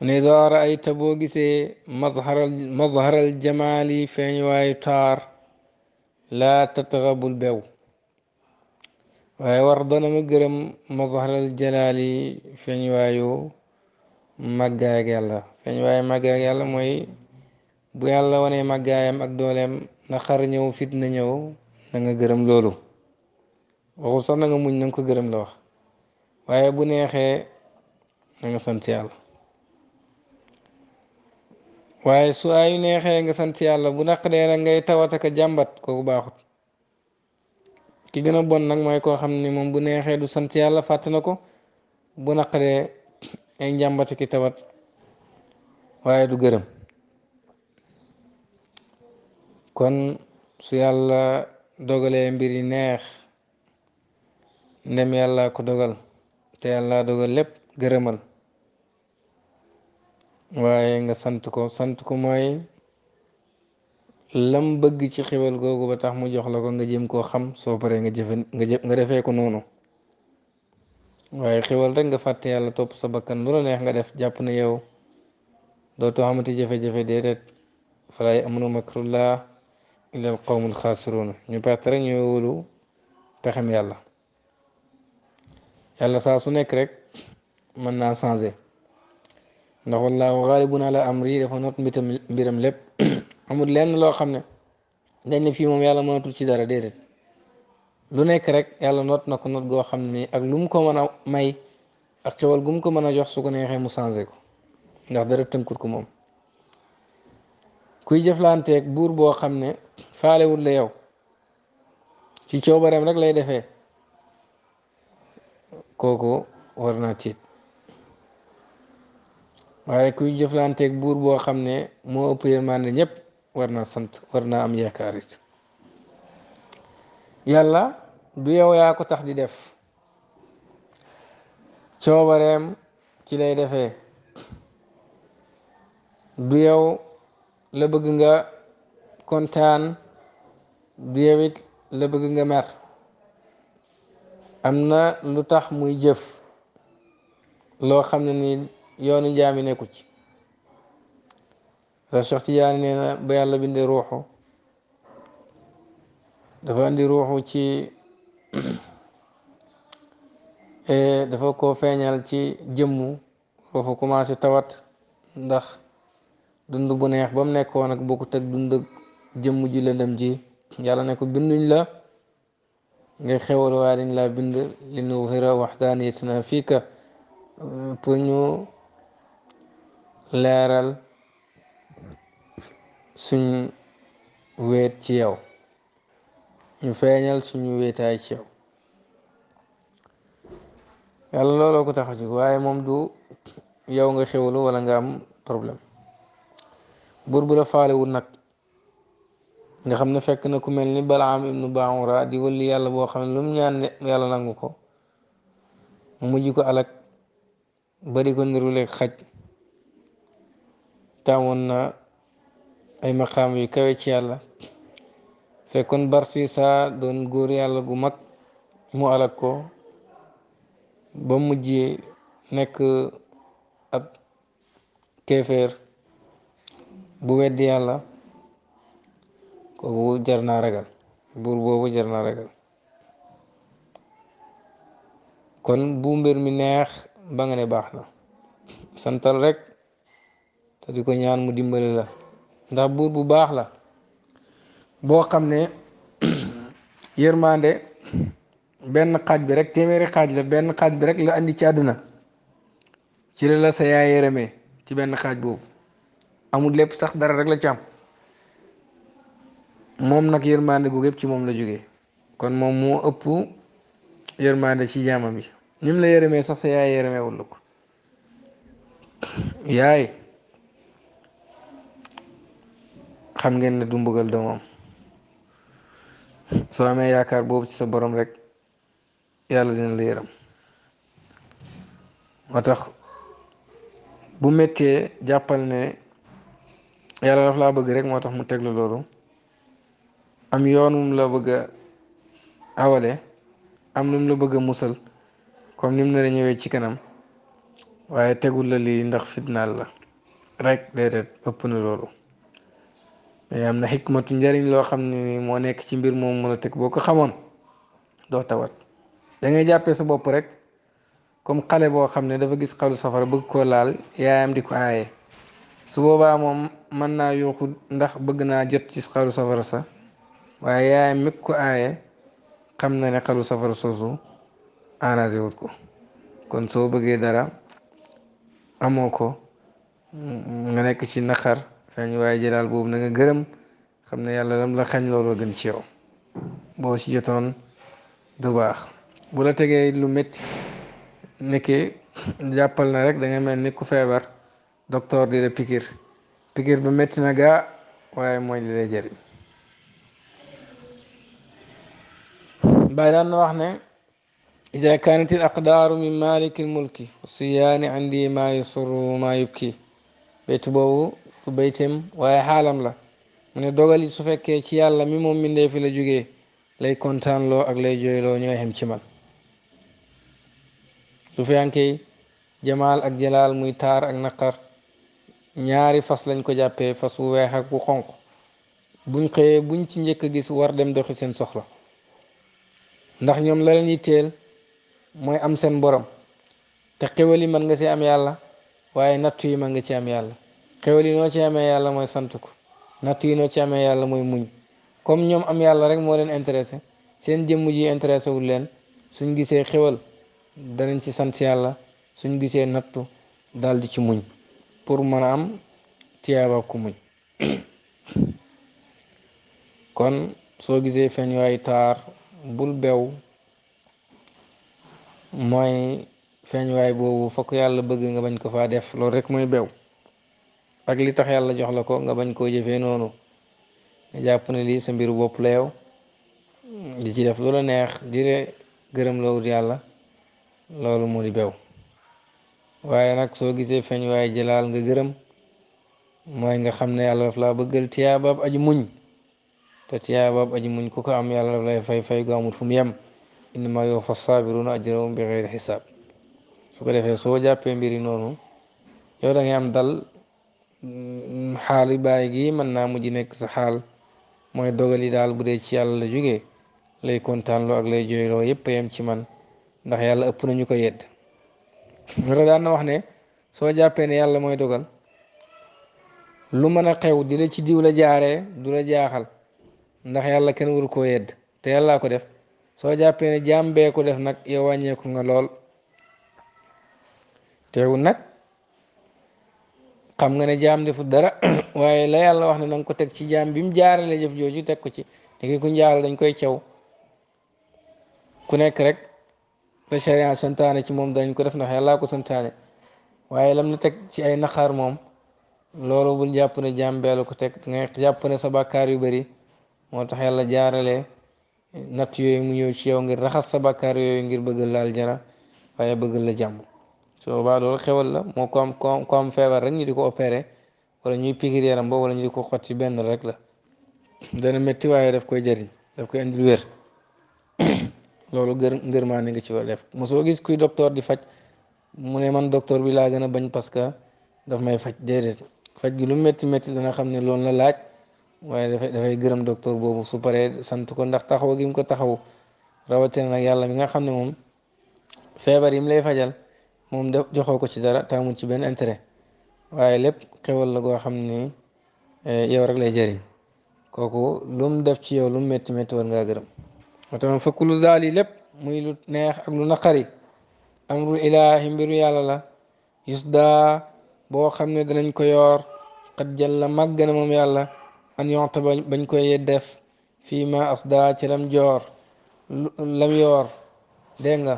ne ida raayta boo gisee mazharal mazharal jamaali feeñ waayu taar laa tatxabul bew waaye war dana ma gërëm mazharal jalaali feeñ waayu màggaay ak yàlla feeñ waayu màggaay ak mooy bu yàlla wane màggaayam ak dooleem na xar ñëw fitna ñëw na nga gërëm loolu waxul sax na nga muñ na ko gërëm la wax waaye bu neexee na nga sant waaye su ayu neexee nga sant yàlla bu dee nag ngay tawataka jàmbat kooku baaxut ki gën a bon nag mooy koo xam ni moom bu neexee du sant yàlla fàtte na ko bu naqaree ay njàmbati ki tawat waaye du gërëm kon su yàlla dogalee mbir yi neex ndem yàlla ko dogal te yàlla dogal lépp gërëmal waaye nga sant ko sant ko mooy lam bëgg ci xéwal googu ba tax mu jox la ko nga jëm koo xam soo paree nga jëfe nga jë nga defee ko noonu waaye xéwal rek nga fàtte yàlla topp sa bakkan lu la neex nga def jàpp na yow dootoo xamati jafe-jafe déedéet falaay amunu makrullah illa al qawmul xaasiruun ñu perte rek ñu wóolu pexem yàlla yàlla saa su nekk rek mën naa changer ndax wallaahu xaalibun ala amri dafa not mbitam mbiram lépp amul lenn loo xam ne dañ ne fii moom yàlla mënatul ci dara déedéet lu nekk rek yàlla not na ko not goo xam ne ak lu mu ko mën a may ak xewal gu mu ko mën a jox su ko neexee mu changé ko ndax dara tënkut ko moom kuy jëflanteeg buur boo xam ne faalewul la yow ci coobareem rek lay defee kooku war naa tiit waaye kuy jëflanteeg buur boo xam ne moo ëpp yërmande ñëpp war naa sant war naa am yaakaar it yàlla du yow yaa ko tax di def coobareem ci lay defee du yow la bëgg nga kontaan du la bëgg nga mer am na lu tax muy jëf loo xam ne nii yoonu jaami nekku ci la Cheikh Tidiane nee na ba yàlla bindee ruuxu dafa andi ruuxu ci eh, dafa ko feeñal ci jëmmu ruuxu commencé tawat ndax dund bu neex ba mu nekkoon ak bokkut teg dund ak jëmm ji lëndëm ji yàlla ne ko binduñ la ngay xewal waaye dañ laa bind li nuwira waxdaaniyatina fiika euh, pour ñu leeral suñu weet ci yow ñu feeñal suñu weetaay ci yow yàlla looloo ko tax a jóg waaye moom du yow nga xewlu wala nga am problème buur bu la nag nga xam ne fekk na ku mel ni balaam ibnu baamura di wëlli yàlla boo xam ne lu ñaan yàlla nangu ko mujj ko alak bari ko niruleeg xaj taamoon naa ay maqaam yu kawe ci yàlla fekkoon Barsisa doon góor yàlla gu mag mu alak ko ba mujjee nekk ab kéeféer bu weddi yàlla kooku jar naa ragal buur boobu jar naa ragal kon bu mbir mi neex ba nga ne baax na santal rek te di ñaan mu dimbali la ndax buur bu baax la boo xam ne yërmande benn xaaj bi rek téeméeri xaaj la benn xaaj bi rek la andi ci àdduna ci la la sa yaay yërëmee ci benn xaaj boobu amul lépp sax dara rek la ci moom nag yërmande googu yëpp ci moom la jóge kon moom moo ëpp yërmande ci jaamam yi ñim la yërëmee sax sa yaay yërëmee wul ko yaay xam ngeen ne du mbugal dama soo amee yaakaar boobu ci sa borom rek yàlla dina la yëram moo tax bu mettee jàppal ne yàlla daf laa bëgg rek moo tax mu teg la loolu am yoonum la bëgg a awale am num la bëgg musal comme ni mu nar ñëwee ci kanam waaye tegul la lii ndax fitnaal la rek déedéet ëpp na loolu am na xikmatu njariñ loo xam ne ni moo nekk ci mbir moom mën a tëg boo ko xamoon doo tawat da ngay jàppee sa bopp rek comme xale boo xam ne dafa gis xalu safara bëgg koo laal yaayam di ko aaye su boobaa moom mën naa yuuxu ndax bëgg naa jot ci xalu safara sax waaye yaayam ko aaye xam na ne xalu safara soosu arrangé wut ko kon soo bëggee dara amoo ko nga nekk ci naqar xañ waaye jëlaal boobu na nga gërëm xam ne yàlla lam la xañ looloo gën ci yow boo ci jotoon du baax bu la tegee lu métti nekkee jàppal na rek da nga mel ni ku feebar docteur di la pikir pikir ba métti na gaa waaye mooy li lay jëriñ bàyyi daan na wax ne ida kanat al aqdaaru min maliki l mulki siyaani andi ma yusuru ma yubki béytu boobu ku bayteem waaye xaalam la mu ne dogal su fekkee ci yàlla mi moom mindee fi la jógee lay kontaanloo ak lay jooyloo ñooy xem ci man su fiyankey jamaal ak jalaal muy taar ak naqar ñaari fas lañ ko jàppee fas wu weex ak wu xonq buñ xëyee buñ ci njëkk a gis war dem doxi seen soxla ndax ñoom la leen yitteel mooy am seen boroom te xéwal yi mën nga ci am yàlla waaye nattu yi man nga ci am yàlla xéwal yi noo ci amee yàlla mooy sant ko natt yi noo ci amee yàlla mooy muñ comme ñoom am yàlla rek moo leen intéressé seen jëmm ji intéressé leen suñ gisee xéwal danañ ci sant yàlla suñ gisee nattu daldi ci muñ pour mën a am tiyaaba ku muñ kon soo gisee feeñ waay taar bul bew mooy feeñ boobu fokk yàlla bëgg nga bañ ko faa def loolu rek mooy bew ak li tax yàlla jox la ko nga bañ koo jëfee noonu nga jàpp na lii sa mbiru bopp la yow di ci def lu la neex di le gërëm loo wut yàlla loolu moo di bew waaye nag soo gisee feeñ waaye jëlaal nga gërëm mooy nga xam ne yàlla daf laa bëggal tiyaabaab aji muñ te tiyaabaab aji muñ ku ko am yàlla daf lay fay fay gu amul fu mu yem innama yuwaffa saabiruna ajrahum bi xeyri xisaab su ko defee soo jàppee mbiri noonu yow da ngay am dal Mm, xaali baay gi mën naa mujj nekk sa xaal mooy dogal yi daal bu dee ci yàlla la jógee lay kontaanloo ak lay jooyloo yëpp yem ci man ndax yàlla ëpp nañu ko yedd loolu daan na wax ne soo jàppee ne yàlla mooy dogal lu mën a xew di la ci diw la jaaree du la jaaxal ndax yàlla kenn waru koo yedd te yàllaa ko def soo jàppee ne jaam bee ko def nag yow wàññeeku nga lool teewul nag. xam nga ne jaam defu dara waaye la yàlla wax na nga ko teg ci jàmm bi mu jaarale jëf jooju teg ko ci léegi ku njaaral dañ koy caw ku nekk rek la sharia santaane ci moom dañ ko def ndax yàllaa ko santaane waaye lam la teg ci ay naqaar moom loolu bul jàpp ne jaam beelu ko teg nga jàpp ne sa bàkkaar yu bari moo tax yàlla jaarale natt yooyu mu ñëw ci yow ngir raxas sa bàkkaar yooyu ngir bëgg la aljana waaye bëgg la jàmm su baa loolu xewal la moo ko am ko feebar rek ñu di ko opeere wala ñuy pikir yaram boobu wala ñu di ko xot ci benn rek la dana métti waaye daf koy jëriñ daf koy indil wér loolu gër ngërmaa ni nga ci war def soo gis kuy docteur di faj mu ne man docteur bi laa gën a bañ parce que daf may faj déedéet faj gi lu métti métti dana xam ne loolu la laaj waaye dafay dafay gërëm docteur boobu su paree sant ko ndax taxaw gi mu ko taxaw rawatina nag yàlla mi nga xam ne moom feebar yi mu lay fajal moom de joxoo ko ci dara te ci benn intérêt waaye lépp xewal la goo xam ni eh, yow rek lay jëriñ kooku lu def ci yow lu metti métti métti war ngaa gërëm moo tax fekk lu daal yi lépp muy lu neex ak lu naqari amru ilaahi mbiru yàlla la yusda boo xam ne danañ ko yor xat jalla màgg na moom yàlla an yoxta bañ koy def fii ma asda ci lam joor lam yoor dégg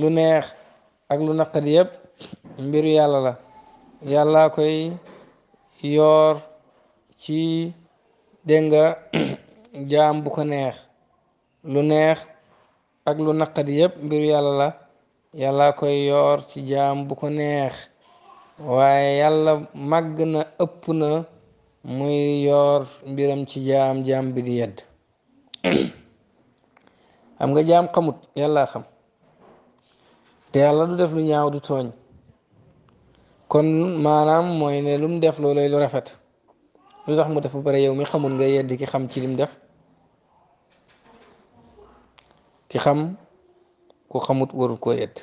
lu neex ak lu naqari yëpp mbiru yàlla la yàlla koy yoor ci dénga nga jaam bu ko neex lu neex ak lu naqat yépp mbiru yàlla la yàlla koy yoor ci jaam bu ko neex waaye yàlla màgg na ëpp na muy yoor mbiram ci jaam jaam bi di yedd xam nga jaam xamut yàlla xam te yàlla du def lu ñaaw du tooñ kon maanaam mooy ne lu mu def loolay lu rafet lu tax mu def bu pare yow mi xamul nga yedd ki xam ci lim def ki xam ku xamut warul koo yedd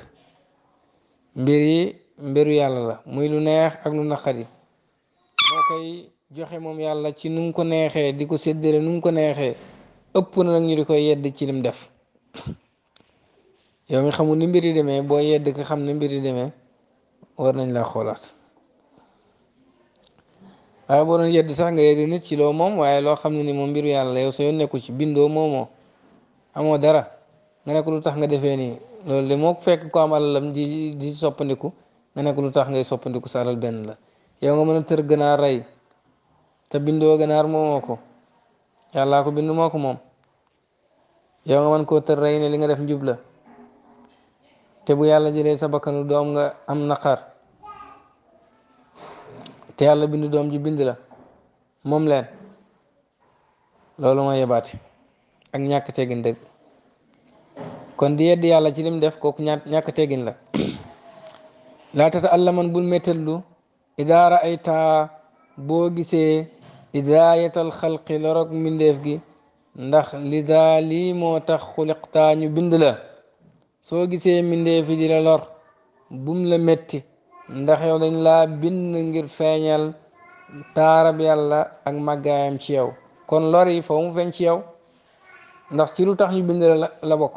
mbir yi mbiru yàlla la muy lu neex ak lu naqari moo koy joxe moom yàlla ci nu mu ko neexee di ko séddale nu mu ko neexee ëpp na nag ñu di koy yedd ci lim def yow mi xamul ni mbir yi demee boo yedd ki xam ni mbir yi demee war nañ laa xoolaat waaye boo doon yedd sax nga yedd nit ci loo moom waaye loo xam ne ni moom mbiru yàlla yow soo nekku ci bindoo moomoo amoo dara nga nekk lu tax nga defee nii loolu de moo fekk ko am alalam di soppandiku nga nekk lu tax ngay soppandiku sa alal benn la yow nga mën a tër ganaar rey te bindoo ganaar moomoo ko yàllaa ko bind moo ko moom yow nga mën koo tër rey ne li nga def njub la te bu yàlla jëlee sa bakkanu doom nga am naqar te yàlla bind doom ji bind la moom leen loolu mooy yebaati ak ñàkk teggin kon di yedd yàlla ci lim def kooku ñàkk ñàkk teggin la laa tata allaman bul méttallu idaa raayta boo gisee idaayatal xalqi lorog mbindeef gi ndax li daa lii tax xuliqtaa ñu bind la soo gisee mbindeef yi di la lor bum la metti ndax yow dañ laa bind ngir feeñal taarab yàlla ak màggaayam ci yow kon lor yi foo mu feeñ ci yow ndax ci lu tax ñu bind la la bokk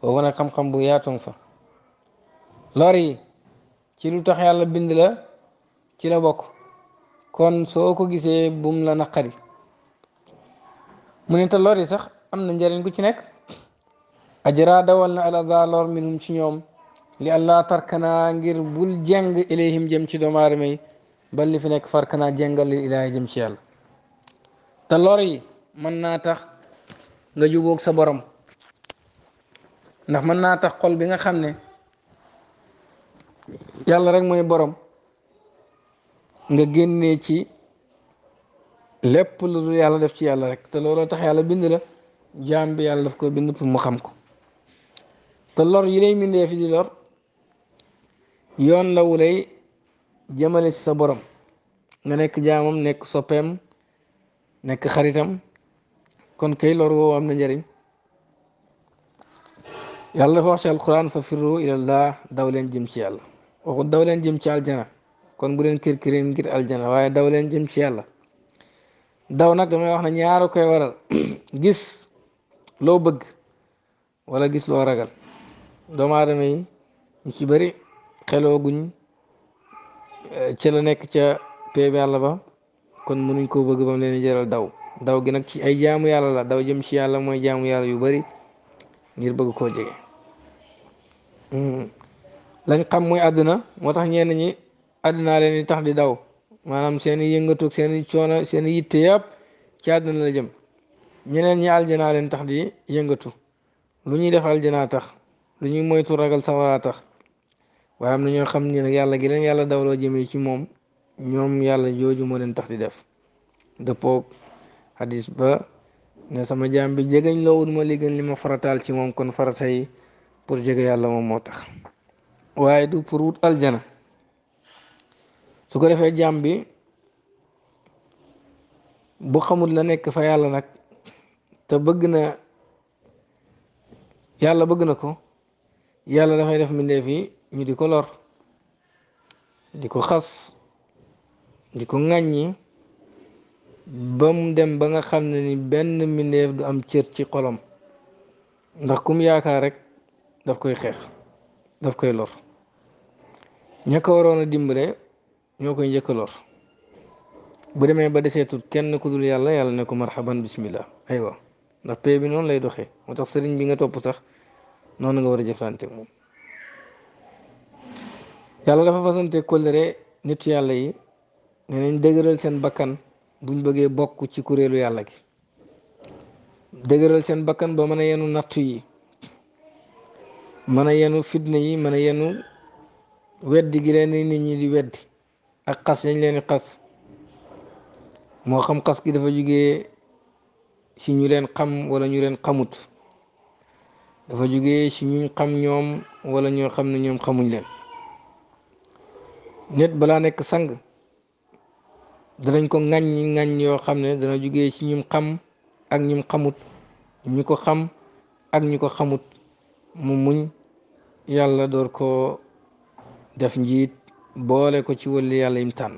foofu bu yaatuñ fa lor yi ci lu tax yàlla bind la ci la bokk kon soo ko gisee bum la naqari mu ne te lor yi sax am na njariñ ku ci nekk ajra dawal na al aza lor minhum ci ñoom li allah tarkanaa ngir bul jeng ilayhim jëm ci doomu aadama yi li fi nekk farkanaa jengal li ilaahi jëm ci yàlla te lor yi mën naa tax nga jubóog sa borom ndax mën naa tax xol bi nga xam ne yàlla rek mooy borom nga génnee ci lépp lu dul yàlla def ci yàlla rek te looloo tax yàlla bind la bi yàlla daf ko bind pour mu xam ko te lor yi lay mindee fi lor yoon la wu lay jëmale ci sa borom nga nekk jaamam nekk soppeem nekk xaritam kon kay lor woowu am na njëriñ yàlla dafa wax ci alquran fa firru ilallah daw leen jëm ci yàlla waxu daw leen jëm ci aljana kon bu leen kir kirim ngir aljana waaye daw leen jëm ci yàlla daw nag damay wax ne ñaaru koy waral gis loo bëgg wala gis loo ragal doomu aadama yi ñu ci bari xeloo guñ eh, ci la nekk ca péeb yàlla ba kon nuñ ko bëgg ba mu leen jaral daw daw gi nag ci ay jaamu yàlla la daw jëm ci yàlla mooy jaamu yàlla yu bari ngir bëgg koo jege hmm. lañ xam mooy àdduna moo tax ñenn ñi àdduna leen di tax di daw maanaam seeni yëngatu seeni i coono seen i yitte yëpp ci àdduna la jëm ñeneen ñi aljanaa leen tax di yëngatu lu ñuy def aljanaa tax lu ñuy moytu ragal sawara tax waaye am na ñoo xam ni nag yàlla gi leen yàlla dawloo jëme ci moom ñoom yàlla jooju moo leen tax di def dëppoog hadis ba ne sama jaam bi jegeñ loo wut ma li gën li ma farataal ci moom kon farata yi pour jege yàlla moom moo tax waaye du pour wut aljana su ko defee jaam bi bu xamul la nekk fa yàlla nag te bëgg na yàlla bëgg na ko yàlla dafay def mbindeef yi ñu di ko lor di ko xas di ko ŋàññi ba mu dem ba nga xam ne ni benn mbindéef du am cër ci xolom ndax kum yaakaar rek daf koy xeex daf koy lor ña ko waroon a dimbale ñoo koy njëkk lor bu demee ba deseetul kenn ku dul yàlla yàlla ne ko marhaban bismillah aywa ndax pay bi noonu lay doxe moo tax sëriñ bi nga topp sax noonu nga war a jëflante moom yàlla dafa fasante kóllëre nit yàlla yi ne nañ seen bakkan buñ bëggee bokk ci kuréelu yàlla gi dëgëral seen bakkan ba mën a yenu nattu yi mën a yenu fitna yi mën a yenu weddi gi leen nit ñi di weddi ak xas yañ leen di xas moo xam xas gi dafa jugee ci ñu leen xam wala ñu leen xamut dafa jógee ci ñu xam ñoom wala ñoo xam ne ñoom xamuñ leen net balaa nekk sang danañ ko ŋàññi ŋàñ yoo xam ne dana jógee ci ñum xam ak ñum xamut ñu ko xam ak ñu ko xamut mu muñ yàlla door ko def njiit boole ko ci wàllu yàlla yim tànn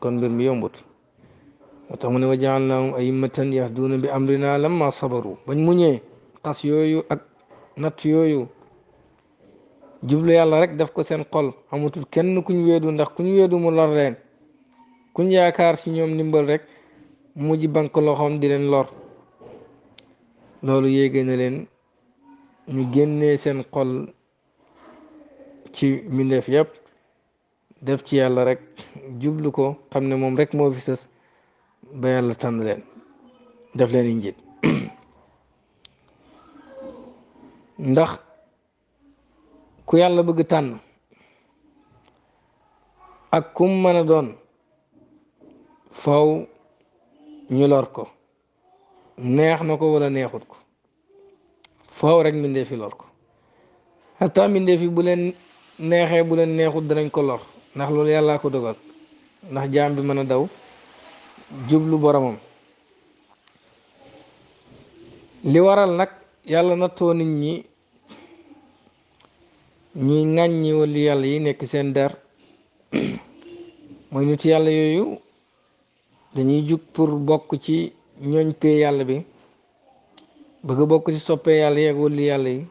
kon mbir mi yombut moo tax mu ne wa jaalnaahum a'immatan yahduuna bi amrina lamma sabaru bañ muñee xas yooyu ak natt yooyu jublu yàlla rek def ko seen xol amatul kenn kuñ weedu ndax kuñ weedu mu lor leen kuñ yaakaar ci ñoom ndimbal rek mujj bank loxoom di leen lor loolu yéege na leen ñu génnee seen xol ci mbindeef yépp def ci yàlla rek jublu ko xam ne moom rek moo fi sës ba yàlla tànn leen def leen i njiit ndax ku yàlla bëgg tànn ak kum mën a doon faw ñu lor ko neex na ko walla neexut ko faw rek mbindee fi lor ko xataa mbindee fi bu leen neexee bu leen neexut danañ ko lor ndax loolu yàllaa ko dogal ndax jaam bi mën a daw jublu boromam li waral nag yàlla nattoo nit ñi ñuy ŋàññi wali yàlla yi nekk seen dar mooy nit yàlla yooyu dañuy jug pour bokk ci ñooñ pee yàlla bi bëgg bokk ci soppee yàlla yi ak wali yàlla yi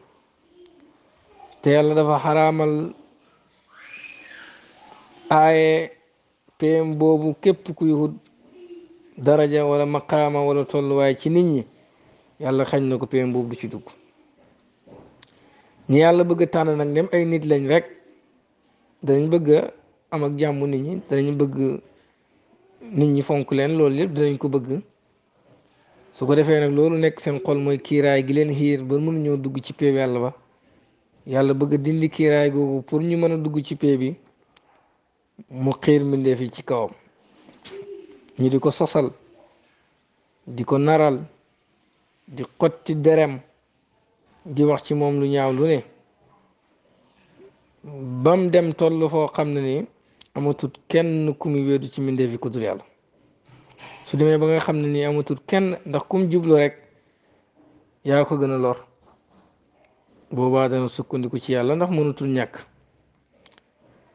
te yàlla dafa xaraamal aaye peem boobu képp kuy wut daraja wala maqaama wala tolluwaay ci nit ñi yàlla xañ na ko peem boobu du ci dugg ñu yàlla bëgg a tànn nag dem ay nit lañ rek danañ bëgg am ak jàmm nit ñi danañ bëgg nit ñi fonk leen loolu yëpp danañ ko bëgg su ko defee nag loolu nekk seen xol mooy kiiraay gi leen xiir ba mënu ñoo dugg ci péeb yàlla yàlla bëgg dindi kiiraay googu pour ñu mën a dugg ci pee bi mu xiir mbindeef yi ci kawam ñu di ko sosal di ko naral di xotti derem di wax ci moom lu ñaaw lu ne bam dem toll foo xam ne ni amatut kenn ku wéedu ci mbindeef yi ku yàlla su demee ba nga xam ne ni amatut kenn ndax kum jublu rek yaa ko gën a lor boobaa dana sukkandiku ci yàlla ndax mënutul ñàkk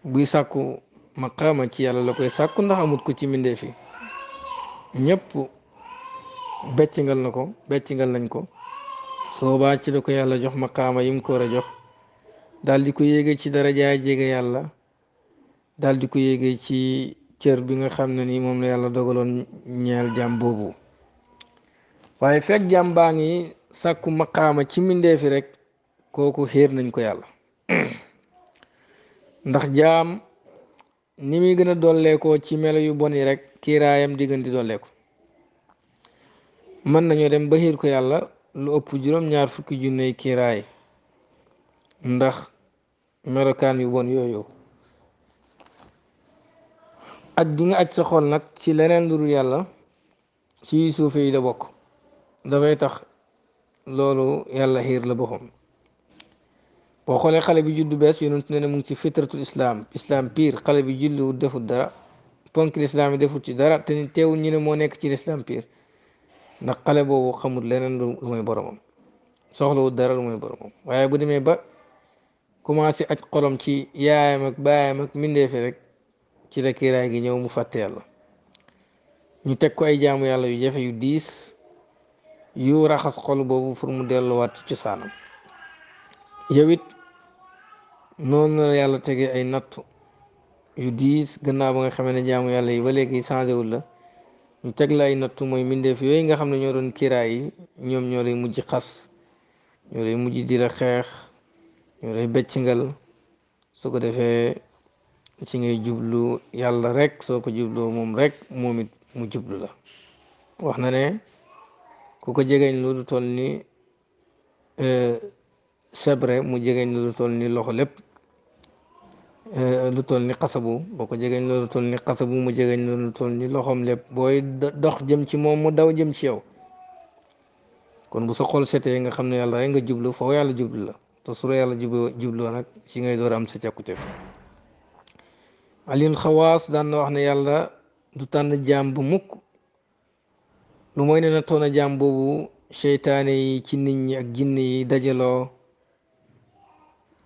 buy sàkku maqaama ci yàlla la koy sàkku ndax amut ko ci mbindeef yi ñëpp beccingal na ko beccingal nañ ko soobaa ci la ko yàlla jox maqaama yim ko war a jox daal di ko yéege ci dara darajaay jege yàlla daal di ko yéege ci cër bi nga xam ne nii moom la yàlla dogaloon ñeel jàmm boobu waaye fekk jàmm baa ngi sàkku makaama ci mbindee rek kooku xéer nañ ko yàlla ndax jaam ni muy gën a dolleekoo ci melo yu bon yi rek kiiraayam diggante dolleeku mën nañoo dem ba xiir ko yàlla lu ëpp juróom-ñaar fukki junney kiiraay ndax melokaan yu bon yooyu aj gi nga aj sa xol nag ci leneen lu dul yàlla ci suufe yi la bokk dafay tax loolu yàlla xiir la boppam boo xoolee xale bi juddu bees yonent ne ne mu ngi ci fitratul islam islam pire xale bi juddu defut dara ponk lislaam defut ci dara te teewul ñu ne moo nekk ci lislaam pire ndax xale boobu xamul leneen lu muy boromam soxlawul dara lu mooy boromam waaye bu demee ba commencé ak xolom ci yaayam ak baayam ak mbindeefi rek ci la kiiraay gi ñëw mu fàtte yàlla ñu teg ko ay jaamu yàlla yu jafe yu diis yu raxas xol boobu pour mu delluwaat ci cosaanam yow it noonu la yàlla tegee ay nattu yu diis gannaaw ba nga xamee ne jaamu yàlla yi ba léegi changé wul la ñu teg la ay nattu mooy fi yooyu nga xam ne ñoo doon kiiraay yi ñoom ñoo lay mujj xas ñoo lay mujj di la xeex ñoo lay beccingal su ko defee ci ngay jublu yàlla rek soo ko jubloo moom rek moom it mu jublu la wax na ne ku ko jegeñ lu du toll ni euh, sebre mu jegeñ lu du toll ni loxo lépp Eh, lu toll ni xasabu boo ko jegeñ loolu toll ni xasabu mu jegeñ loolu toll ni loxoom lépp booy dox jëm ci moom mu daw jëm ci yow kon bu sa xol setee nga xam ne yàlla rek nga jublu foo yàlla jublu la te su jubloo nag ci ngay door am sa càkkutéef alin xawaas daan na yàlla du tànn jaam bu mukk lu mooy ne na toon a jaam boobu seytaane yi ci nit ñi ak jinne yi dajaloo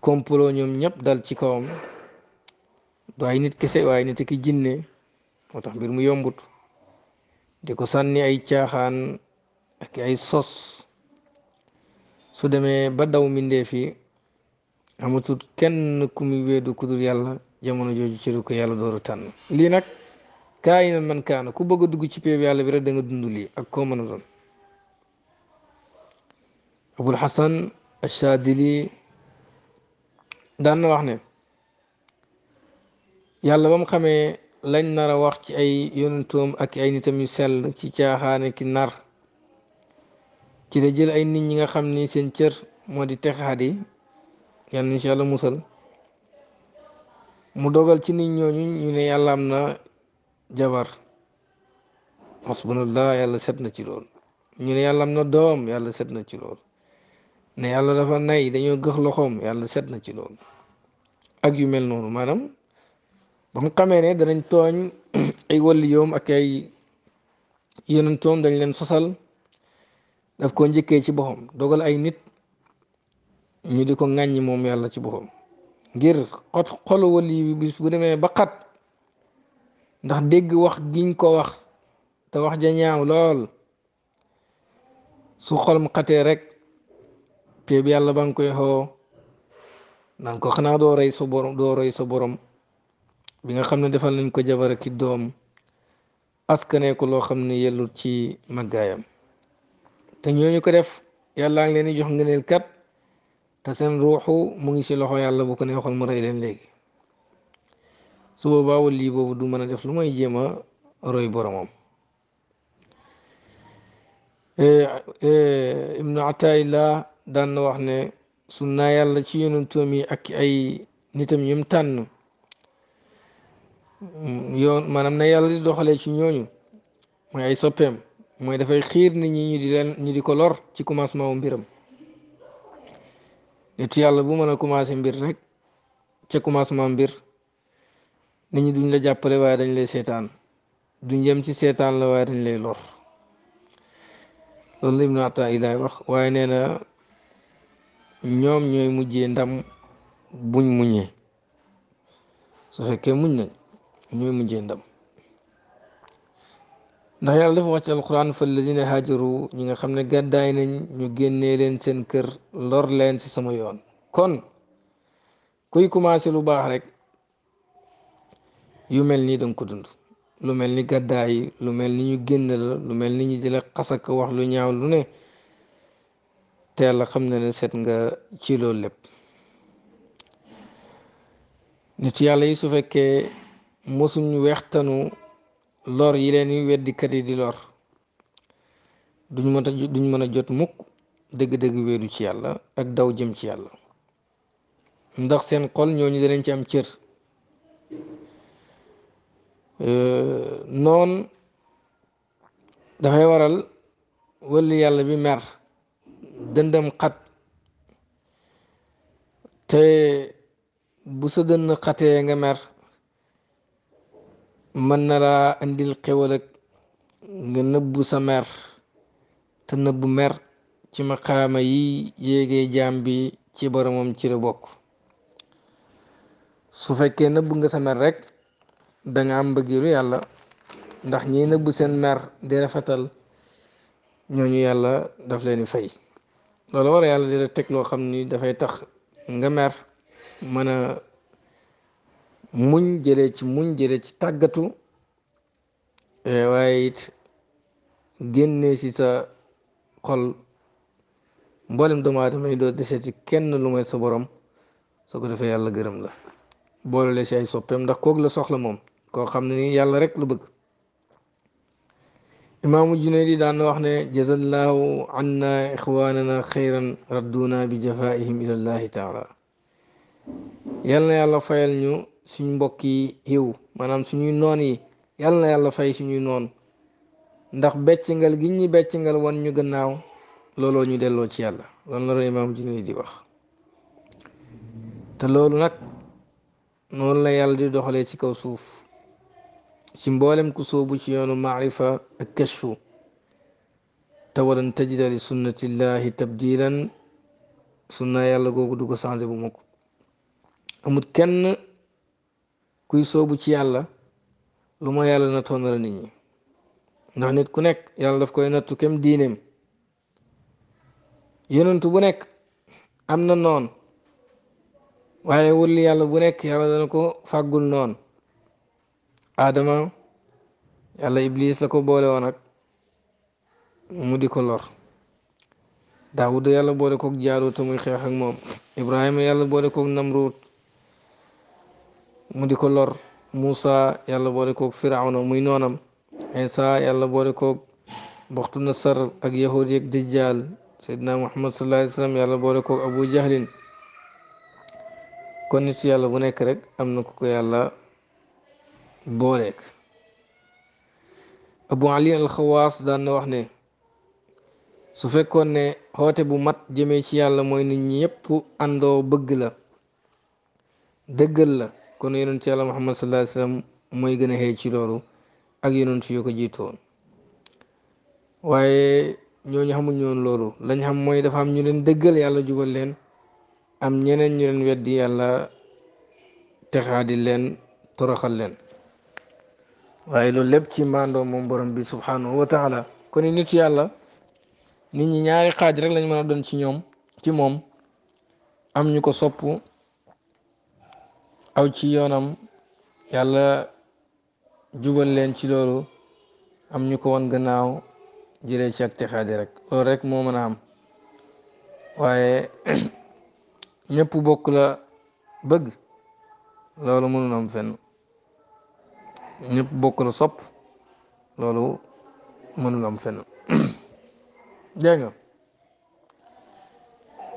kompaloo ñoom ñëpp dal ci kawam du ay nit kese waaye nit ki jinne moo tax mbir mu yombut di ko sànni ay caaxaan ak ay sos su demee ba daw mbindeef fi amatul kenn ku muy wéedu kudul yàlla jamono jooju ci lu ko yàlla dooru tànn lii nag kaa yi na man kaana ku bëgg a dugg ci péeb yàlla bi rek da nga dund lii a doon abul hasan ashadili daan na wax ne yàlla ba xamee lañ nar a wax ci ay toom ak ay nitam yu sell ci caaxaane ki nar ci la jël ay nit ñi nga xam ni seen cër moo di texaat yi yàlla incha musal mu dogal ci nit ñoo ñu ne yàlla am na jabar hasbunallah yàlla set na ci lool ñu ne yàlla am na doom yàlla set na ci lool ne yàlla dafa nay dañoo gëx loxoom yàlla set na ci lool ak yu mel noonu maanaam. ba mu xamee ne danañ tooñ ay waliyoom ak ay yonentoom dañ leen sosal daf ko njëkkee ci boppam dogal ay nit ñu di ko ŋàññi moom yàlla ci boppam ngir xot xolu wali bu demee ba xat ndax dégg wax giñ ko wax te wax ja ñaaw lool su xolum xatee rek péeb yàlla ba nga koy xoo naan ko xanaa doo rey sa borom sa borom bi nga xam ne defal nañ ko jabar ak doom askane ko loo xam ne yellut ci màggaayam te ñooñu ko def yàlla ngi leen di jox ngëneel kat te seen ruuxu mu ngi si loxo yàlla bu ko neexoon mu rey leen léegi su boobaa boobu du mën a def lu may jéem a roy boromam eh, eh, ibnu ataillah daan na wax ne su naa yàlla ci yonentoom yi ak ay nitam yum tànn yoon maanaam na yàlla di doxalee ci ñooñu mooy ay soppeem mooy dafay xiir ni ñi ñu di leen ñu di ko lor ci commencement wu mbiram nit yàlla bu mën a commencé mbir rek ca commencement mbir nit ñi duñ la jàppale waaye dañ lay seetaan duñ jëm ci seetaan la waaye dañ lay lor loolu Ibnu Ataa Ilaay wax waaye nee na ñoom ñooy mujjee ndam buñ muñee su fekkee muñ na ñooy mujjee ndam ndax yàlla dafa wàcc alquran fa alladina haajaru ñi nga xam ne gàddaay nañ ñu génnee leen seen kër lor leen ci sama yoon kon kuy commencé lu baax rek yu mel nii danga ko dund lu mel ni gàddaay lu mel ni ñu génn la lu mel ni ñu di la xasak wax lu ñaaw lu ne te yàlla xam na ne set nga ci loolu lépp nit yàlla yi su fekkee mosuñ weextanu lor yi leen i weddikat yi di lor duñ mën a duñ mën a jot mukk dëgg-dëgg wéedu ci yàlla ak daw jëm ci yàlla ndax seen xol ñooñu danañ ci am cër noon dafay waral wëlli yàlla bi mer dëndam xat te bu sa dënn xatee nga mer mën na laa indil xéwal ak nga nëbbu sa mer te nëbbu mer ci maqaama yi yéege jaam bi ci boromam ci la bokk su fekkee nëbbu nga sa mer rek danga nga am mbëggeelu yàlla ndax ñi nëbbu seen mer di rafetal ñooñu yàlla daf leen fay loolu war a yàlla di la teg loo xam ni dafay tax nga mer mën a muñ jëlee ci muñ jëlee ci tàggatu e waaye it génne si sa xol mboolem doomu aadama yi doo desee ci kenn lu may sa borom soo ko defee yàlla gërëm la boole la si ay soppeem ndax kook la soxla moom koo xam ne nii yàlla rek lu bëgg imaamu Junayd di na wax ne jazallahu anna ixwaanana xayran radduna bi jafaihim ilallahi taala yàlla na yàlla fayal ñu suñ mbokk yi yiw maanaam suñuy noon yi yàlla na yàlla fay suñuy noon ndax beccingal gi ñi beccingal wan ñu gannaaw looloo ñu delloo ci yàlla loolu la imaam Junayd di wax te loolu nag noonu la yàlla di doxalee ci kaw suuf si mboolem ku soobu ci yoonu maarifa ak kashfu te walan tajida li sunnatillahi tabdilan sunna yàlla googu du ko changé bu mukk amut kenn kuy soobu ci yàlla lu ma yàlla nattoo na la nit ñi ndax nit ku nekk yàlla daf koy nattu kem diineem yonentu bu nekk am na noon waaye wulli yàlla bu nekk yàlla dana ko fàggul noon Adama yàlla Iblis la ko boole woon mu di ko lor Daawuda yàlla boole koog Jaaruta muy xeex ak moom Ibrahima yàlla boole koog Namruut mu di ko lor Moussa yàlla boole koog Firawna muy noonam Isa yàlla boole koog Buxtu Nasar ak yahudi ak Dijjaal Seydina Muhammad sallallahu alayhi wa sallam yàlla boole koog Abu Jahlin kon nit yàlla bu nekk rek am na ku ko yàlla booleeg Abu Ali al-Xawaas daan na wax ne su fekkoon ne xoote bu mat jëmee ci yàlla mooy nit ñi ñëpp àndoo bëgg la dëgg la. kon yonent yàlla muhammad sallallahu alayhi wa sallam mooy gën a xëy ci loolu ak yonent yu ko jiitoon waaye ñooñu xamul ñoon loolu lañ xam mooy dafa am ñu leen dëggal yàlla jubal leen am ñeneen ñu leen weddi yàlla texaadi leen toroxal leen waaye loolu lépp ci mbaandoo moom borom bi subhanahu wa taala kon nit yàlla nit ñi ñaari xaaj rek lañ mën a doon ci ñoom ci moom am ñu ko sopp aw ci yoonam yàlla jubal leen ci loolu am ñu ko woon gannaaw jëlee ci ak texaadi rek loolu rek moo mën a am waaye ñëpp bokkula bëgg loolu mënul am fenn ñëpp bokk la loolu mënul am fenn nga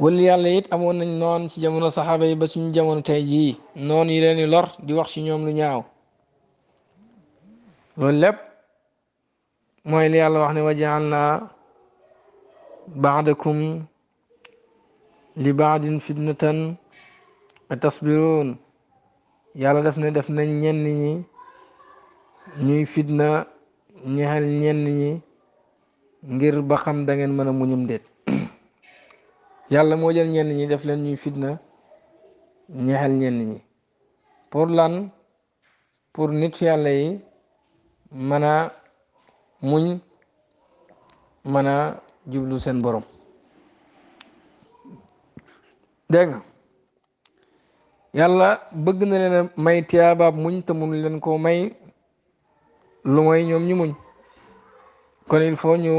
wala yàlla yit amoon nañ noon ci jamono saxaaba yi ba suñu jamono tey jii noon yi leen di lor di wax ci ñoom lu ñaaw loolu lépp mooy li yàlla wax ne wa jaalna baadakum li baadin fitnatan tasbiroon yàlla def ne def nañ ñenn ñi ñuy fitna ñexel ñenn ñi ngir ba xam da ngeen mën a muñum déet yàlla moo jël ñenn ñi def leen ñuy fitna ñexel ñenn ñi pour lan pour nit yàlla yi mën a muñ mën a jublu seen borom dégg yàlla bëgg na leen a may tiyaabaab muñ te mun leen koo may lu mooy ñoom ñu muñ kon il faut ñu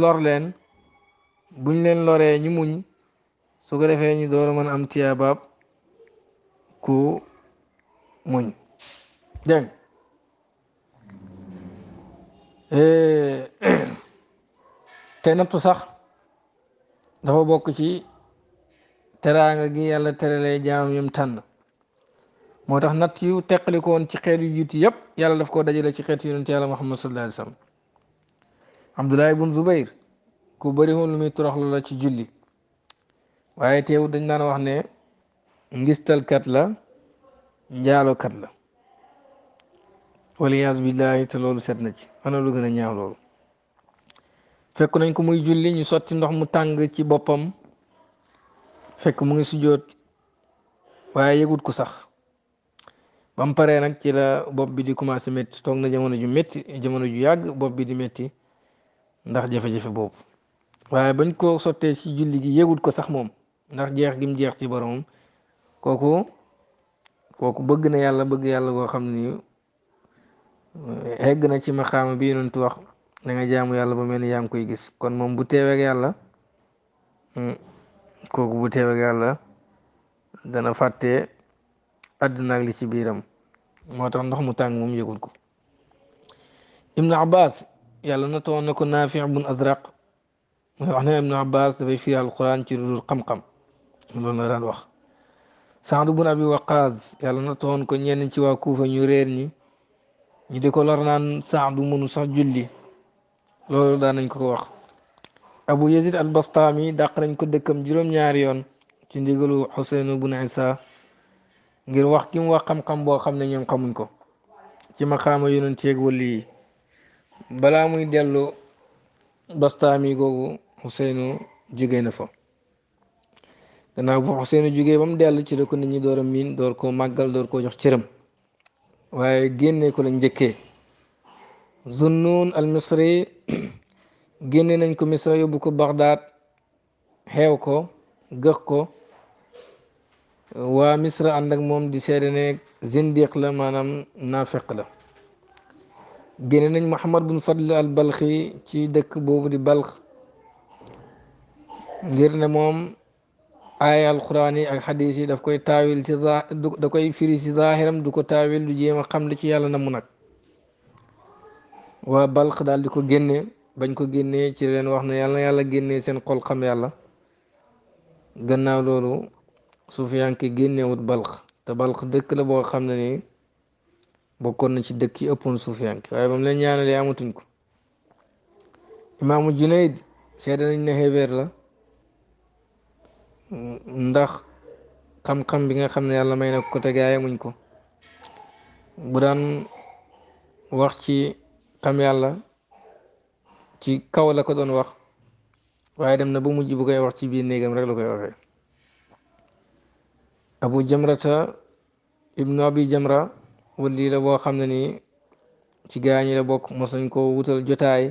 lor leen buñ leen loree ñu muñ su ko defee ni door a mën a am tiyaabaab ku muñ dégg eh, te nattu sax dafa bokk ci teraanga gi yàlla teralee jaam yum tànn moo tax natt yu teqalikoon ci xeet yu jiitu yëpp yàlla daf ko dajale ci xeet yonent yàlla Muhammad sallallahu alayhi wa sallam Abdullah ibn Zubayr ku bari woon lu muy toroxlu la ci julli waaye teew dañ naan wax ne ngistalkat la njaalokat la bi billahi te loolu set na ci ana lu gën a ñaaw loolu fekk nañ ko muy julli ñu sotti ndox mu tàng ci boppam fekk mu ngi sujjoot waaye yëgut ko sax ba mu nag ci la bopp bi di commencé métti toog na jamono ju metti jamono ju yàgg bopp bi di metti ndax jafe-jafe boobu waaye bañ ko sottee ci julli gi yëgut ko sax moom ndax jeex gim jeex ci boromam kooku kooku bëgg na yàlla bëgg yàlla koo xam ni egg na ci maxaama bi yonentu wax da nga jaamu yàlla ba mel ni yaa ngi koy gis kon moom bu teeweeg yàlla hmm, kooku bu teeweeg yàlla dana fàtte àdduna nag li ci biiram moo tax ndox mu tàng moom yëgul ko ibnu abbas yàlla na toon na ko naafi bun azraq mooy wax ne ibnu abbas dafay firi alquran ci dudul xam-xam loolu la daan wax Saad bun Abi Waqaas yàlla na toon ko ñenn ci waa Kuufa ñu réer ñi ñu di ko lor naan Saad mënu sax julli loolu daan ko ko wax Abu Yazid al-Bastami dàq ko dëkkam juróom-ñaari yoon ci ndigalu Xuseyn bun Isa ngir wax ki mu wax xam-xam boo xam ne ñoom xamuñ ko ci maqaama yonent yeeg wali yi balaa muy dellu Bastami googu Xuseynu jigéen na fa gannaaw bu Xuseyn jógee ba mu dellu ci la ko nit ñi door miin door koo màggal door koo jox cëram waaye génne ko la njëkkee Zunnun al Misri génne nañ ko Misra yóbbu ko Bagdaad xew ko gëx ko waa Misra ànd ak moom di seede ne zindiq la maanaam naafeq la génne nañ Muhammad bun Fadl al Balxi ci dëkk boobu di Balx ngir ne moom aaya alquran yi ak xadis yi daf koy taawil ci da koy firi ci zaahiram du ko taawil du jéem a xam li ci yàlla na mu nag waa balq daal di ko génne bañ ko génnee ci leen wax na yàlla yàlla génnee seen xol xam yàlla gannaaw loolu suufiyanke génnewut balq te balq dëkk la boo xam ne nii bokkoon na ci dëkk yi ëppoon suufiyanke waaye ba mu leen ñaanalee amatuñ ko imaamu Junayd seede nañ ne xeebeer la ndax xam-xam bi nga xam ne yàlla may na ko te gaaye muñ ko bu daan wax ci xam yàlla ci kaw la ko doon wax waaye dem na ba mujj bu koy wax ci biir néegam rek la koy waxee abu jamrata ibnu abi jamra wali la boo xam ne nii ci gaañi la bokk mos nañ ko wutal jotaay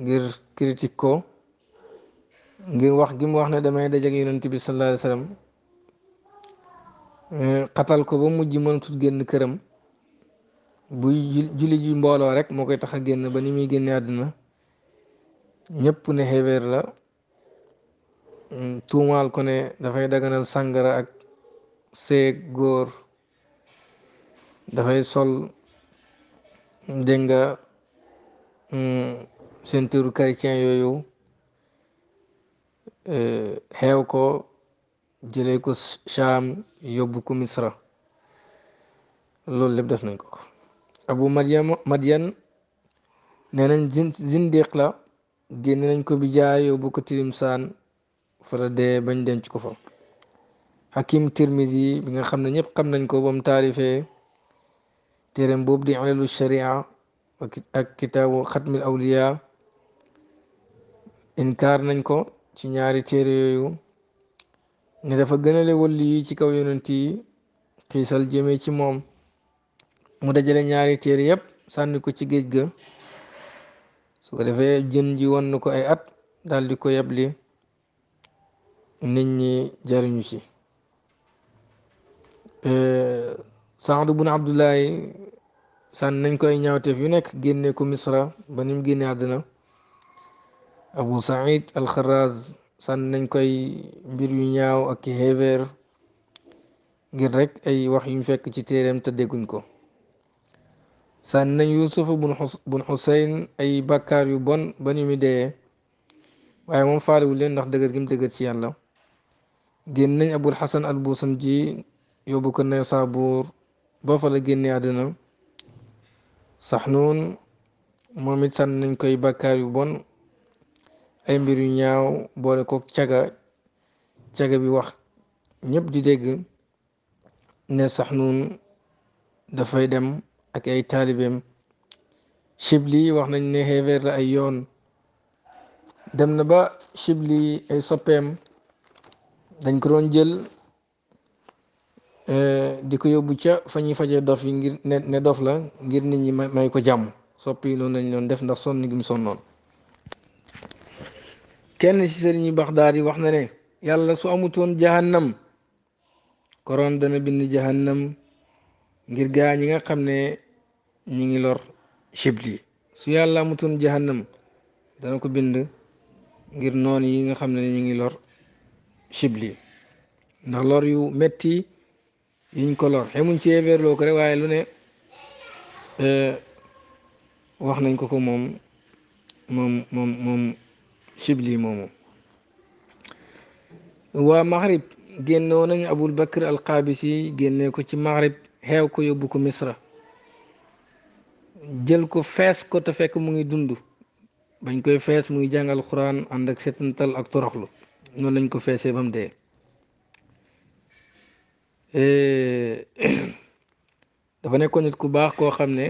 ngir critique ko ngir wax gi mu wax ne damay dajeeg yonent bi sallallahu alayhi wa eh, xatal ko ba mujj mënatul génn këram buy julli ji mbooloo rek moo koy tax a génn ba ni muy génne àdduna ñëpp ne xeweer la tuumaal ko ne dafay daganal sàngara ak seeg góor dafay sol dégg nga seen hmm, tëru chrétien yooyu xeew ko jëlee ko Shaam yóbbu ko Misra loolu lépp def nañ ko abu Madyam Madyan nee nañ zindiq la génne nañ ko bi jaay yóbbu ko Tilimsaan fa la dee bañ denc ko fa Hakim Tirmizi bi nga xam ne ñëpp xam nañ ko ba mu taarifee téeréem boobu di alalu sharia ak kitaabu xatmil awliya inkaar nañ ko ci ñaari téere yooyu ne dafa gënale wàllu yi ci kaw yonent yi xiisal jëme ci moom mu dajale ñaari téere yépp sànni ko ci géej ga su ko defee jën ji won na ko ay at daldi ko yebli nit ñi jariñu ci Saad bun Abdullahi sànni nañ ko ay ñaawteef yu nekk génne ko Misra ba ni mu génne àddina abu said alxaraaz sànni nañ koy mbir yu ñaaw ak i xeeveer ngir rek ay wax yu ñu fekk ci téeréem te dégguñ ko sànni nañ yusufa bun xuseyn ay bakkaar yu bon ba ni mu dee waaye moom faaliwu leen ndax dëgër gi ci yàlla génn nañ abul xasan al buusan ji yóbbu ko ne ba fa la génne àddina saxnuun moom it sànni nañ koy bakkaar yu bon ay mbir yu ñaaw boole kook caga caga bi wax ñëpp di dégg ne sax nun dafay dem ak ay taalibeem Chibli wax nañ ne xeeveer la ay yoon dem na ba Chibli ay soppeem dañ ko doon jël eh, di ko yóbbu ca fa ñuy faje dof yi ngir ne dof la ngir nit ñi may ko jàmm soppi noonu lañ doon def ndax sonn gi mu sonnoon kenn ci sëriñi Baxdaad yi wax na ne yàlla su amutoon jahannam koron dana bind jahannam ngir gaa ñi nga xam ne ñu ngi lor chibli su yàlla amutoon jahannam dana ko bind ngir noon yi nga xam ne ñu ngi lor chibli ndax lor yu metti yiñ ko lor xemuñ ci éverloo ko rek waaye lu ne eh, wax nañ ko ko moom moom moom sibli moomu waa maghrib génnoo nañu abul bakr al qaabisi génnee ko ci maghrib xeew ko yóbbu ko misra jël ko fees ko te fekk mu ngi dund bañ koy fees muy jàngal xuraan ànd ak setantal ak toroxlu noonu lañ ko feesee ba mu dee eh, dafa nekkoon nit ku baax koo xam ne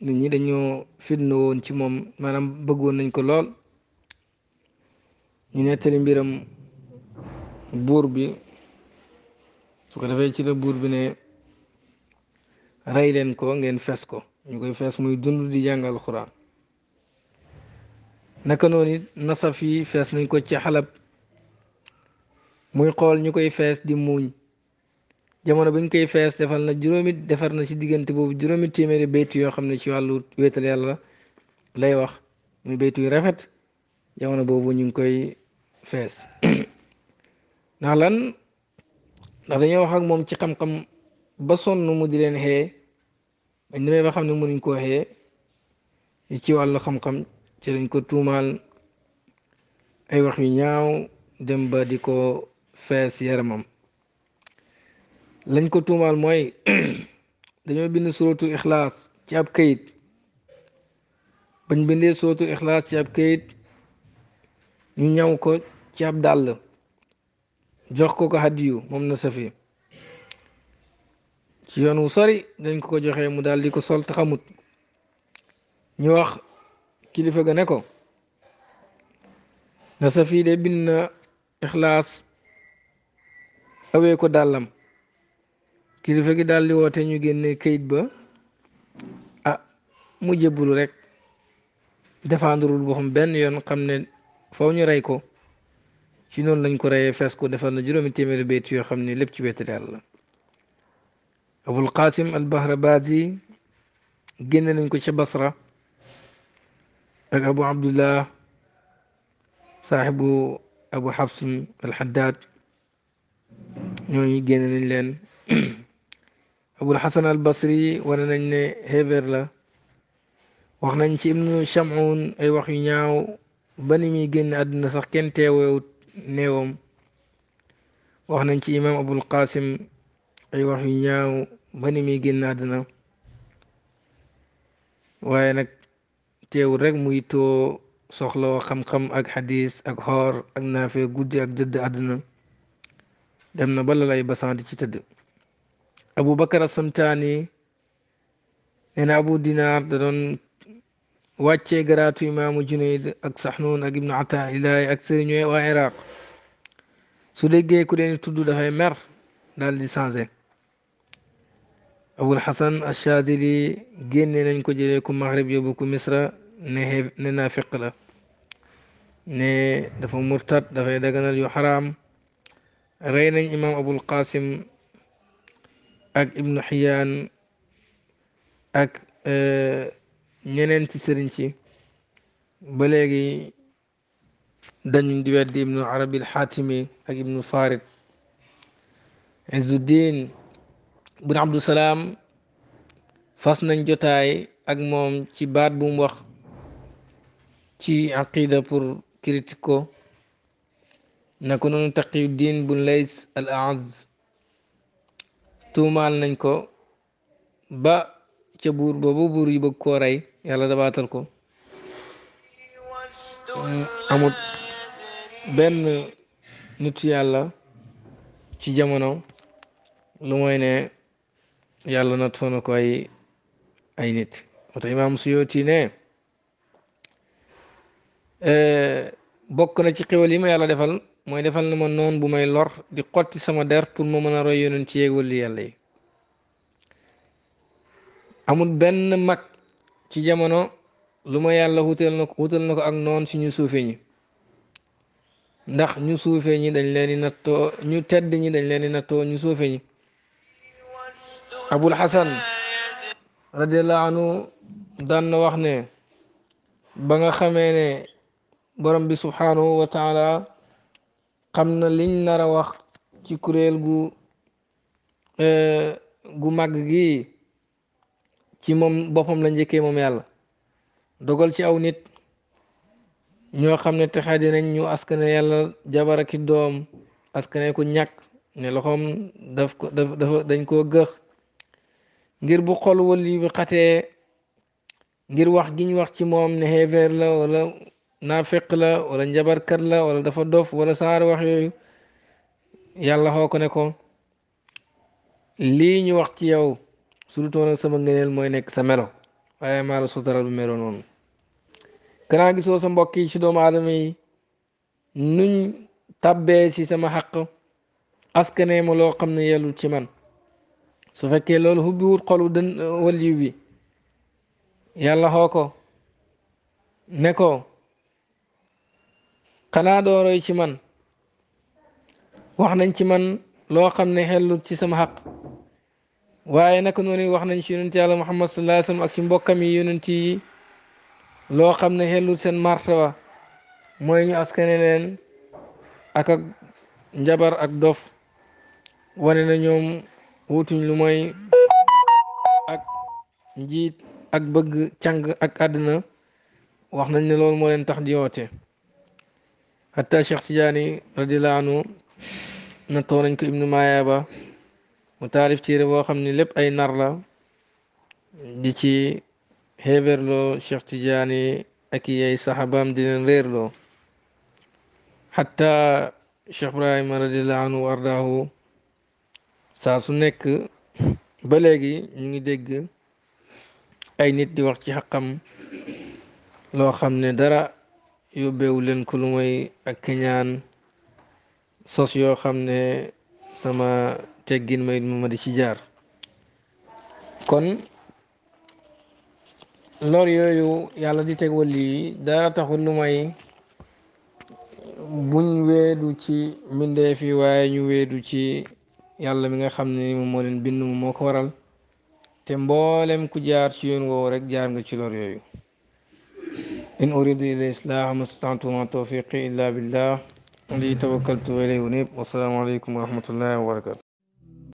nit ñi dañoo fitna woon ci moom maanaam bëggoon nañ ko lool ñu nettali mbiram buur bi su ko defee ci la buur bi ne rey leen ko ngeen fees ko ñu koy fees muy dund di jàngal xuraan naka noonu it nasaf yi fees nañ ko ci xalab muy xool ñu koy fees di muuñ jamono bi ñu koy fees defal na juróomi defar na ci diggante boobu juróomi téeméeri baytu yoo xam ne ci wàllu wéetal yàlla lay wax muy baytu yu rafet jamono boobu ñu ngi koy fees ndax lan ndax dañoo wax ak moom ci xam-xam ba sonn mu di leen xee bañ demee ba xam ne mënuñ koo xee ci wàllu xam-xam ci lañ ko tuumaal ay wax yu ñaaw dem ba di ko fees yaramam lañ ko tuumaal mooy dañoo bind suratu ixlaas ci ab kayit bañ bindee suratu ixlaas ci ab kayit ñu ñaw ko ci ab dàll jox ko ko hadiyu moom na safi ci yoon wu sori dañ ko ko joxee mu daal ko sol te xamut ñu wax kilifa ga ne ko na safi de bind na ixlaas awee ko dàllam kilifa gi daldi di woote ñu génne kayit ba ah mu jëbbulu rek défendrewul boppam benn yoon xam ne faw ñu rey ko ci noonu lañ ko reyee fees ko defal na juróomi téeméeri bét yoo xam ne lépp ci wéetal yàlla abul qasim al bahrabazi génne nañ ko ca basra ak abu abdullah saaxibu abu xabsin al xaddaad ñooñu génne nañ leen abul xasan al basri wane nañ ne xeebeer la wax nañ ci ibnu chamoun ay wax yu ñaaw ba ni muy génn sax kenn teewewut néewam wax nañ ci imam abul ay wax yu ñaaw ba ni muy génn waaye nag teewul rek muy too soxloo xam-xam ak xadis ak xoor ak naafe guddi ak dëdd àddina dem na ba lalay basant ci tëdd abu bakar asamtaani nee na abu dinaar da doon wàccee garaatu imaamu junayd ak saxnuun ak ibnu ata ilaay ak sëriñoy waa iraq su déggee ku leen tudd dafay mer daal di changé abul xasan achadili génne nañ ko jëlee ku maghrib yóbbu ku misra ne ne la ne dafa murtad dafay daganal yu xaraam rey nañ imam abul qasim ak ibnu xiyaan ak eh, ñeneen ci sëriñ ci dañu di weddi ibnu arabi alxaatimi ak ibnu farid izuddin bun abdusalaam fas nañ jotaay ak moom ci baat bu mu wax ci aqida pour critique ko naka noonu taqiyuddin bun lays al aaz tuumaal nañ ko ba ca buur boobu buur yi bëgg koo rey yàlla dabaatal ko amut benn nitu yàlla ci jamono lu mooy ne yàlla nattoo na ko ay ay nit wata imaam Suyuti ne e, bokk na ci xéwal yi ma yàlla defal mooy defal na ma noon bu may lor di xotti sama der pour ma mën a roy yonent ci yéeg wali yàlla yi amut benn mag ci jamono lu ma yàlla wutal na ko wutal na ko ak noon suñu suufee ñi ndax ñu suufee ñi dañ leen di nattoo ñu tedd ñi dañ leen di nattoo ñu suufe ñi abul xasan radiallahu na wax ne ba nga xamee ne borom bi subhanahu wa taala xam na liñ nar a wax ci kuréel gu e, gu màgg gi ci moom boppam la njëkkee moom yàlla dogal ci aw nit ñoo xam ne texe dinañ ñu askane yàlla jabar ki doom askane ku ñàkk ne loxoom daf ko dafa dañ koo gëx ngir bu xol wali bi xatee ngir wax giñ wax ci moom ne xeefeer la wala naafeq la wala njabarkat la wala dafa dof wala saar wax yooyu yàlla xoo ko ne ko lii ñu wax ci yow surutoon ak sama ngëneel mooy nekk sa melo waaye maa la sutaral lu melo noonu ganaa gisoo sa mbokk yi ci doomu aadama yi nuñ tabbee ci sama xaq askanee ma loo xam ne yellul ci man su fekkee loolu hubbi wut xolu dën waliyu bi yàlla xoo ko ne ko xanaa dooroy ci man wax nañ ci man loo xam ne xellut ci sama xaq waaye naka noonu wax nañ ci yonent yàlla muhammad sallallahu ci mbokkam yi yonent loo xam ne xellu seen martaba mooy ñu askane leen ak ak njabar ak dof wane na ñoom wutuñ lu mooy ak njiit ak bëgg càng ak àddina wax nañ ne loolu moo leen tax di woote hatta Cheikh Tidiane radiyallahu anhu na too ko ibnu maaya ba mu taalif téere boo xam ne lépp ay nar la di ci xéewéerloo Cheikh Tidiane ak yey saxabaam di leen réerloo xataa Cheikh Ibrahima radiallahu anhu wa ardaahu saa su nekk ba léegi ñu ngi dégg ay nit di wax ci xaqam loo xam ne dara yóbbeewu leen ko lu mooy ak keñaan sos yoo xam ne sama teggin may ma di ci jaar kon lor yooyu yàlla di teg wali dara taxul lu may buñ weedu ci mbindeef yi waaye ñu weedu ci yàlla mi nga xam ne moom moo leen bind moo ko waral te mboolem ku jaar ci yoon woowu rek jaar nga ci lor yooyu in uridu ila islaaha mastatantu ma tawfiqi illa billah li tawakkaltu wa ilayhi unib wasalaamu aleykum wa